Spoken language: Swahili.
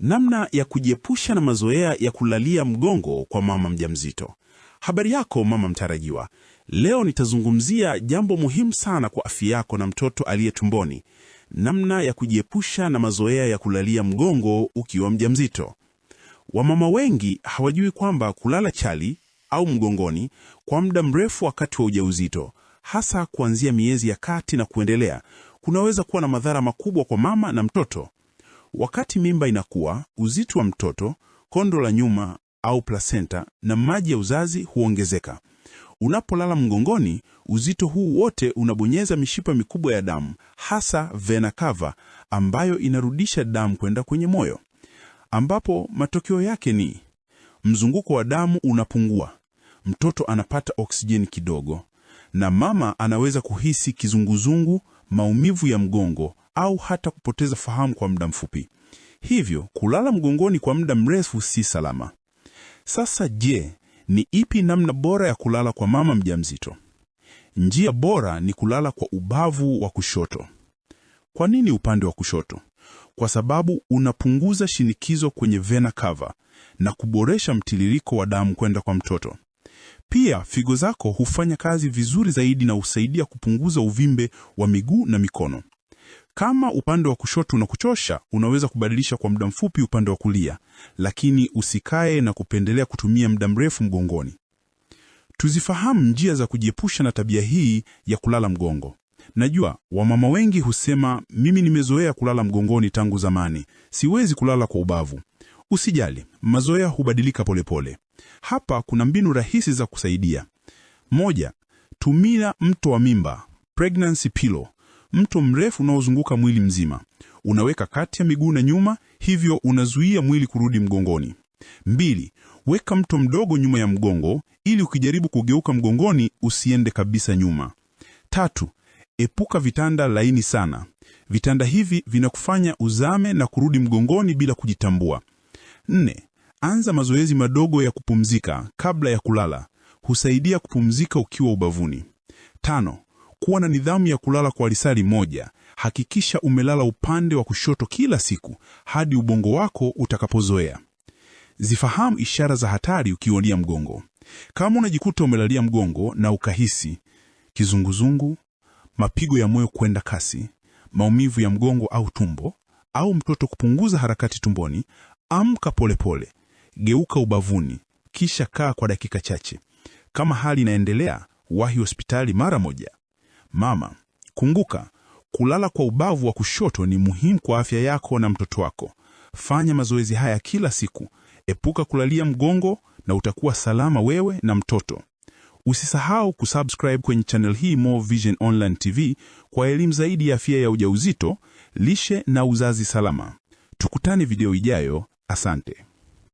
Namna ya kujiepusha na mazoea ya kulalia mgongo kwa mama mjamzito. Habari yako mama mtarajiwa. Leo nitazungumzia jambo muhimu sana kwa afya yako na mtoto aliye tumboni. Namna ya kujiepusha na mazoea ya kulalia mgongo ukiwa mjamzito. Wamama wengi hawajui kwamba kulala chali au mgongoni kwa muda mrefu wakati wa ujauzito, hasa kuanzia miezi ya kati na kuendelea, kunaweza kuwa na madhara makubwa kwa mama na mtoto. Wakati mimba inakuwa, uzito wa mtoto, kondo la nyuma au placenta na maji ya uzazi huongezeka. Unapolala mgongoni, uzito huu wote unabonyeza mishipa mikubwa ya damu, hasa vena cava, ambayo inarudisha damu kwenda kwenye moyo, ambapo matokeo yake ni mzunguko wa damu unapungua, mtoto anapata oksijeni kidogo, na mama anaweza kuhisi kizunguzungu, maumivu ya mgongo au hata kupoteza fahamu kwa muda mfupi. Hivyo kulala mgongoni kwa muda mrefu si salama. Sasa je, ni ipi namna bora ya kulala kwa mama mjamzito? Njia bora ni kulala kwa ubavu wa kushoto. Kwa nini upande wa kushoto? Kwa sababu unapunguza shinikizo kwenye vena cava na kuboresha mtiririko wa damu kwenda kwa mtoto. Pia figo zako hufanya kazi vizuri zaidi na husaidia kupunguza uvimbe wa miguu na mikono. Kama upande wa kushoto unakuchosha, unaweza kubadilisha kwa muda mfupi upande wa kulia, lakini usikae na kupendelea kutumia muda mrefu mgongoni. Tuzifahamu njia za kujiepusha na tabia hii ya kulala mgongo. Najua wamama wengi husema, mimi nimezoea kulala mgongoni tangu zamani, siwezi kulala kwa ubavu. Usijali, mazoea hubadilika polepole pole. Hapa kuna mbinu rahisi za kusaidia. Moja, tumia mto wa mimba, pregnancy pillow mto mrefu unaozunguka mwili mzima. Unaweka kati ya miguu na nyuma, hivyo unazuia mwili kurudi mgongoni. Mbili, weka mto mdogo nyuma ya mgongo ili ukijaribu kugeuka mgongoni usiende kabisa nyuma. Tatu, epuka vitanda laini sana. Vitanda hivi vinakufanya uzame na kurudi mgongoni bila kujitambua. Nne, anza mazoezi madogo ya kupumzika kabla ya kulala, husaidia kupumzika ukiwa ubavuni. Tano, kuwa na nidhamu ya kulala kwa lisali moja. Hakikisha umelala upande wa kushoto kila siku hadi ubongo wako utakapozoea. Zifahamu ishara za hatari ukiualia mgongo. Kama unajikuta umelalia mgongo na ukahisi kizunguzungu, mapigo ya moyo kwenda kasi, maumivu ya mgongo au tumbo, au mtoto kupunguza harakati tumboni, amka polepole, geuka ubavuni, kisha kaa kwa dakika chache. Kama hali inaendelea, wahi hospitali mara moja. Mama, kumbuka, kulala kwa ubavu wa kushoto ni muhimu kwa afya yako na mtoto wako. Fanya mazoezi haya kila siku, epuka kulalia mgongo na utakuwa salama wewe na mtoto. Usisahau kusubscribe kwenye channel hii more Vision Online TV kwa elimu zaidi ya afya ya ujauzito, lishe na uzazi salama. Tukutane video ijayo. Asante.